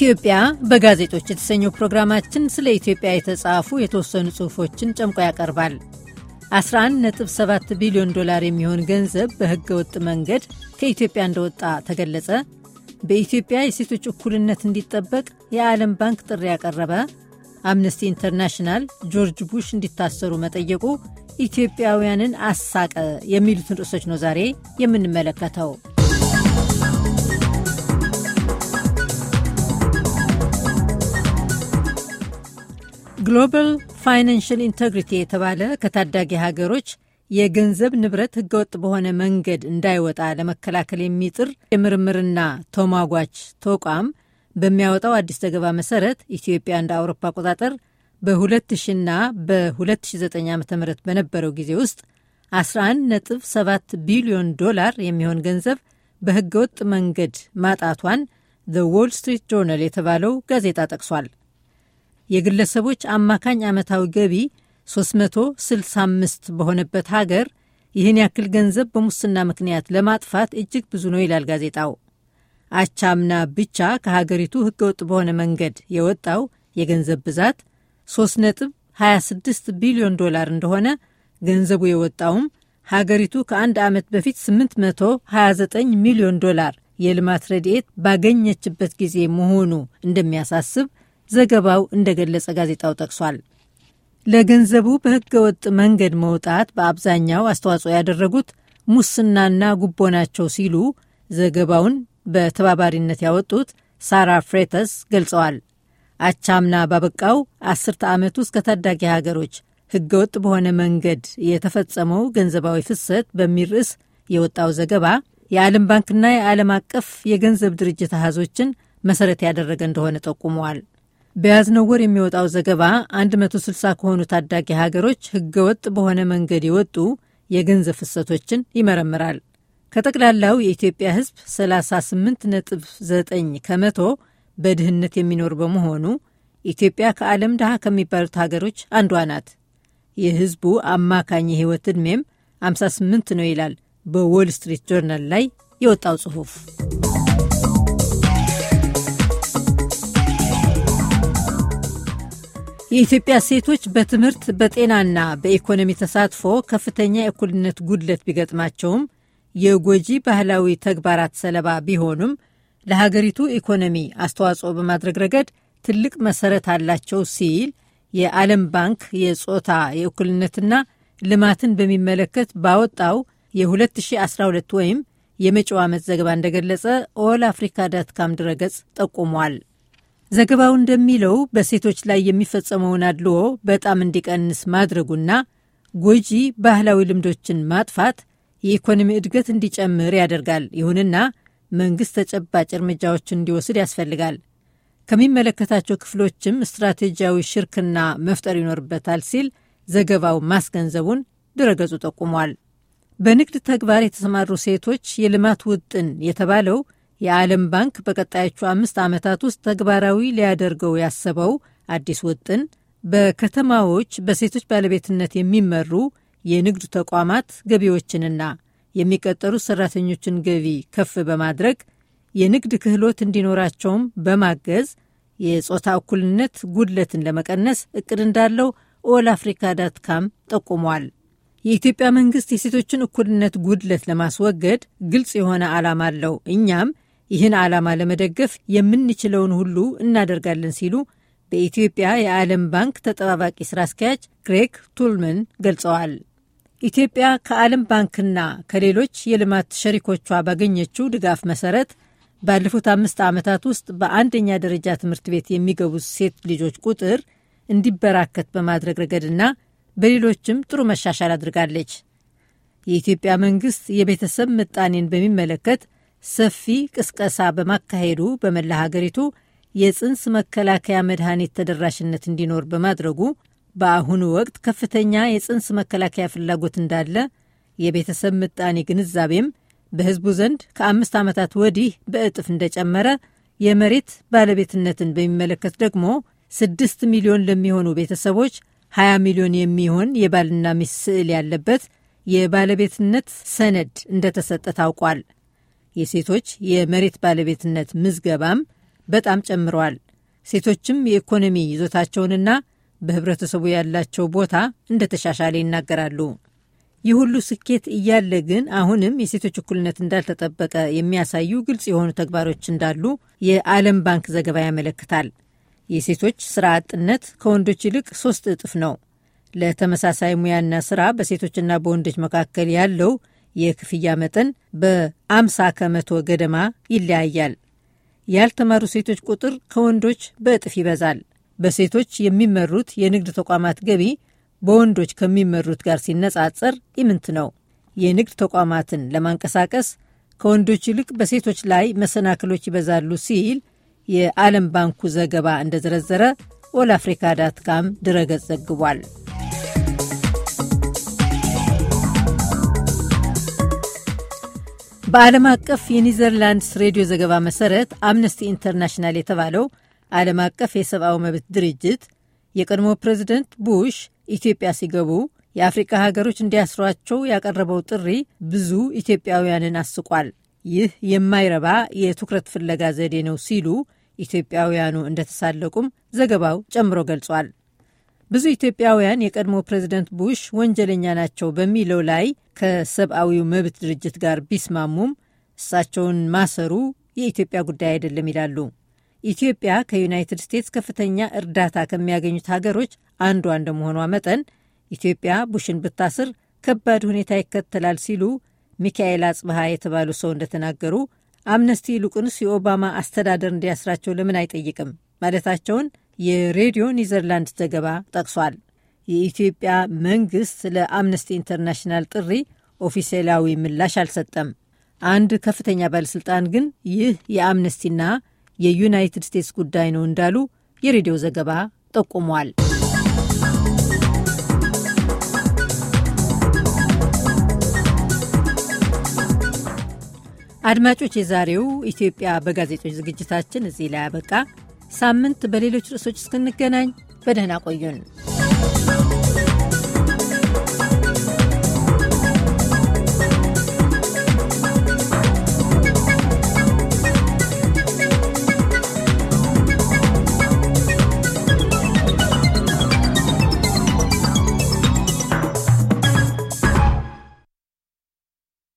ኢትዮጵያ በጋዜጦች የተሰኘው ፕሮግራማችን ስለ ኢትዮጵያ የተጻፉ የተወሰኑ ጽሑፎችን ጨምቆ ያቀርባል። 11.7 ቢሊዮን ዶላር የሚሆን ገንዘብ በሕገ ወጥ መንገድ ከኢትዮጵያ እንደወጣ ተገለጸ፣ በኢትዮጵያ የሴቶች እኩልነት እንዲጠበቅ የዓለም ባንክ ጥሪ ያቀረበ፣ አምነስቲ ኢንተርናሽናል ጆርጅ ቡሽ እንዲታሰሩ መጠየቁ ኢትዮጵያውያንን አሳቀ የሚሉትን ርዕሶች ነው ዛሬ የምንመለከተው። ግሎባል ፋይናንሽል ኢንተግሪቲ የተባለ ከታዳጊ ሀገሮች የገንዘብ ንብረት ህገወጥ በሆነ መንገድ እንዳይወጣ ለመከላከል የሚጥር የምርምርና ተሟጓች ተቋም በሚያወጣው አዲስ ዘገባ መሰረት ኢትዮጵያ እንደ አውሮፓ አቆጣጠር በ2000ና በ2009 ዓ ም በነበረው ጊዜ ውስጥ 11.7 ቢሊዮን ዶላር የሚሆን ገንዘብ በህገወጥ መንገድ ማጣቷን ዘ ዎል ስትሪት ጆርናል የተባለው ጋዜጣ ጠቅሷል። የግለሰቦች አማካኝ ዓመታዊ ገቢ 365 በሆነበት ሀገር ይህን ያክል ገንዘብ በሙስና ምክንያት ለማጥፋት እጅግ ብዙ ነው ይላል ጋዜጣው። አቻምና ብቻ ከሀገሪቱ ህገወጥ በሆነ መንገድ የወጣው የገንዘብ ብዛት 3.26 ቢሊዮን ዶላር እንደሆነ ገንዘቡ የወጣውም ሀገሪቱ ከአንድ ዓመት በፊት 829 ሚሊዮን ዶላር የልማት ረድኤት ባገኘችበት ጊዜ መሆኑ እንደሚያሳስብ ዘገባው እንደገለጸ ጋዜጣው ጠቅሷል። ለገንዘቡ በህገወጥ ወጥ መንገድ መውጣት በአብዛኛው አስተዋጽኦ ያደረጉት ሙስናና ጉቦ ናቸው ሲሉ ዘገባውን በተባባሪነት ያወጡት ሳራ ፍሬተስ ገልጸዋል። አቻምና ባበቃው አስርተ ዓመት ውስጥ ከታዳጊ ሀገሮች ሕገወጥ በሆነ መንገድ የተፈጸመው ገንዘባዊ ፍሰት በሚል ርዕስ የወጣው ዘገባ የዓለም ባንክና የዓለም አቀፍ የገንዘብ ድርጅት አሃዞችን መሰረት ያደረገ እንደሆነ ጠቁመዋል። በያዝነው ወር የሚወጣው ዘገባ 160 ከሆኑ ታዳጊ ሀገሮች ህገወጥ በሆነ መንገድ የወጡ የገንዘብ ፍሰቶችን ይመረምራል። ከጠቅላላው የኢትዮጵያ ህዝብ 38.9 ከመቶ በድህነት የሚኖር በመሆኑ ኢትዮጵያ ከዓለም ድሃ ከሚባሉት ሀገሮች አንዷ ናት። የህዝቡ አማካኝ የህይወት ዕድሜም 58 ነው ይላል በዎል ስትሪት ጆርናል ላይ የወጣው ጽሑፍ። የኢትዮጵያ ሴቶች በትምህርት በጤናና በኢኮኖሚ ተሳትፎ ከፍተኛ የእኩልነት ጉድለት ቢገጥማቸውም የጎጂ ባህላዊ ተግባራት ሰለባ ቢሆኑም ለሀገሪቱ ኢኮኖሚ አስተዋጽኦ በማድረግ ረገድ ትልቅ መሰረት አላቸው ሲል የዓለም ባንክ የጾታ የእኩልነትና ልማትን በሚመለከት ባወጣው የ2012 ወይም የመጪው ዓመት ዘገባ እንደገለጸ ኦል አፍሪካ ዳትካም ድረገጽ ጠቁሟል። ዘገባው እንደሚለው በሴቶች ላይ የሚፈጸመውን አድልዎ በጣም እንዲቀንስ ማድረጉና ጎጂ ባህላዊ ልምዶችን ማጥፋት የኢኮኖሚ እድገት እንዲጨምር ያደርጋል። ይሁንና መንግሥት ተጨባጭ እርምጃዎችን እንዲወስድ ያስፈልጋል። ከሚመለከታቸው ክፍሎችም ስትራቴጂያዊ ሽርክና መፍጠር ይኖርበታል ሲል ዘገባው ማስገንዘቡን ድረገጹ ጠቁሟል። በንግድ ተግባር የተሰማሩ ሴቶች የልማት ውጥን የተባለው የዓለም ባንክ በቀጣዮቹ አምስት ዓመታት ውስጥ ተግባራዊ ሊያደርገው ያሰበው አዲስ ውጥን በከተማዎች በሴቶች ባለቤትነት የሚመሩ የንግድ ተቋማት ገቢዎችንና የሚቀጠሩ ሰራተኞችን ገቢ ከፍ በማድረግ የንግድ ክህሎት እንዲኖራቸውም በማገዝ የጾታ እኩልነት ጉድለትን ለመቀነስ እቅድ እንዳለው ኦል አፍሪካ ዳትካም ጠቁሟል። የኢትዮጵያ መንግስት የሴቶችን እኩልነት ጉድለት ለማስወገድ ግልጽ የሆነ ዓላማ አለው። እኛም ይህን ዓላማ ለመደገፍ የምንችለውን ሁሉ እናደርጋለን ሲሉ በኢትዮጵያ የዓለም ባንክ ተጠባባቂ ሥራ አስኪያጅ ግሬግ ቱልመን ገልጸዋል። ኢትዮጵያ ከዓለም ባንክና ከሌሎች የልማት ሸሪኮቿ ባገኘችው ድጋፍ መሰረት ባለፉት አምስት ዓመታት ውስጥ በአንደኛ ደረጃ ትምህርት ቤት የሚገቡ ሴት ልጆች ቁጥር እንዲበራከት በማድረግ ረገድና በሌሎችም ጥሩ መሻሻል አድርጋለች። የኢትዮጵያ መንግሥት የቤተሰብ ምጣኔን በሚመለከት ሰፊ ቅስቀሳ በማካሄዱ በመላ ሀገሪቱ የጽንስ መከላከያ መድኃኒት ተደራሽነት እንዲኖር በማድረጉ በአሁኑ ወቅት ከፍተኛ የጽንስ መከላከያ ፍላጎት እንዳለ የቤተሰብ ምጣኔ ግንዛቤም በሕዝቡ ዘንድ ከአምስት ዓመታት ወዲህ በእጥፍ እንደጨመረ የመሬት ባለቤትነትን በሚመለከት ደግሞ ስድስት ሚሊዮን ለሚሆኑ ቤተሰቦች 20 ሚሊዮን የሚሆን የባልና ሚስት ስዕል ያለበት የባለቤትነት ሰነድ እንደተሰጠ ታውቋል። የሴቶች የመሬት ባለቤትነት ምዝገባም በጣም ጨምረዋል። ሴቶችም የኢኮኖሚ ይዞታቸውንና በህብረተሰቡ ያላቸው ቦታ እንደተሻሻለ ይናገራሉ። ይህ ሁሉ ስኬት እያለ ግን አሁንም የሴቶች እኩልነት እንዳልተጠበቀ የሚያሳዩ ግልጽ የሆኑ ተግባሮች እንዳሉ የዓለም ባንክ ዘገባ ያመለክታል። የሴቶች ስራ አጥነት ከወንዶች ይልቅ ሶስት እጥፍ ነው። ለተመሳሳይ ሙያና ስራ በሴቶችና በወንዶች መካከል ያለው የክፍያ መጠን በ50 ከመቶ ገደማ ይለያያል። ያልተማሩ ሴቶች ቁጥር ከወንዶች በእጥፍ ይበዛል። በሴቶች የሚመሩት የንግድ ተቋማት ገቢ በወንዶች ከሚመሩት ጋር ሲነጻጸር ኢምንት ነው። የንግድ ተቋማትን ለማንቀሳቀስ ከወንዶች ይልቅ በሴቶች ላይ መሰናክሎች ይበዛሉ ሲል የዓለም ባንኩ ዘገባ እንደዘረዘረ ኦል አፍሪካ ዳትካም ድረገጽ ዘግቧል። በዓለም አቀፍ የኒዘርላንድስ ሬዲዮ ዘገባ መሰረት አምነስቲ ኢንተርናሽናል የተባለው ዓለም አቀፍ የሰብአዊ መብት ድርጅት የቀድሞ ፕሬዚደንት ቡሽ ኢትዮጵያ ሲገቡ የአፍሪካ ሀገሮች እንዲያስሯቸው ያቀረበው ጥሪ ብዙ ኢትዮጵያውያንን አስቋል፣ ይህ የማይረባ የትኩረት ፍለጋ ዘዴ ነው ሲሉ ኢትዮጵያውያኑ እንደተሳለቁም ዘገባው ጨምሮ ገልጿል። ብዙ ኢትዮጵያውያን የቀድሞ ፕሬዚደንት ቡሽ ወንጀለኛ ናቸው በሚለው ላይ ከሰብአዊው መብት ድርጅት ጋር ቢስማሙም እሳቸውን ማሰሩ የኢትዮጵያ ጉዳይ አይደለም ይላሉ። ኢትዮጵያ ከዩናይትድ ስቴትስ ከፍተኛ እርዳታ ከሚያገኙት ሀገሮች አንዷ እንደመሆኗ መጠን ኢትዮጵያ ቡሽን ብታስር ከባድ ሁኔታ ይከተላል ሲሉ ሚካኤል አጽብሃ የተባሉ ሰው እንደተናገሩ አምነስቲ ይልቁንስ የኦባማ አስተዳደር እንዲያስራቸው ለምን አይጠይቅም ማለታቸውን የሬዲዮ ኒዘርላንድ ዘገባ ጠቅሷል። የኢትዮጵያ መንግሥት ለአምነስቲ ኢንተርናሽናል ጥሪ ኦፊሴላዊ ምላሽ አልሰጠም። አንድ ከፍተኛ ባለሥልጣን ግን ይህ የአምነስቲና የዩናይትድ ስቴትስ ጉዳይ ነው እንዳሉ የሬዲዮ ዘገባ ጠቁሟል። አድማጮች፣ የዛሬው ኢትዮጵያ በጋዜጦች ዝግጅታችን እዚህ ላይ አበቃ። ሳምንት በሌሎች ርዕሶች እስክንገናኝ በደህና ቆዩን።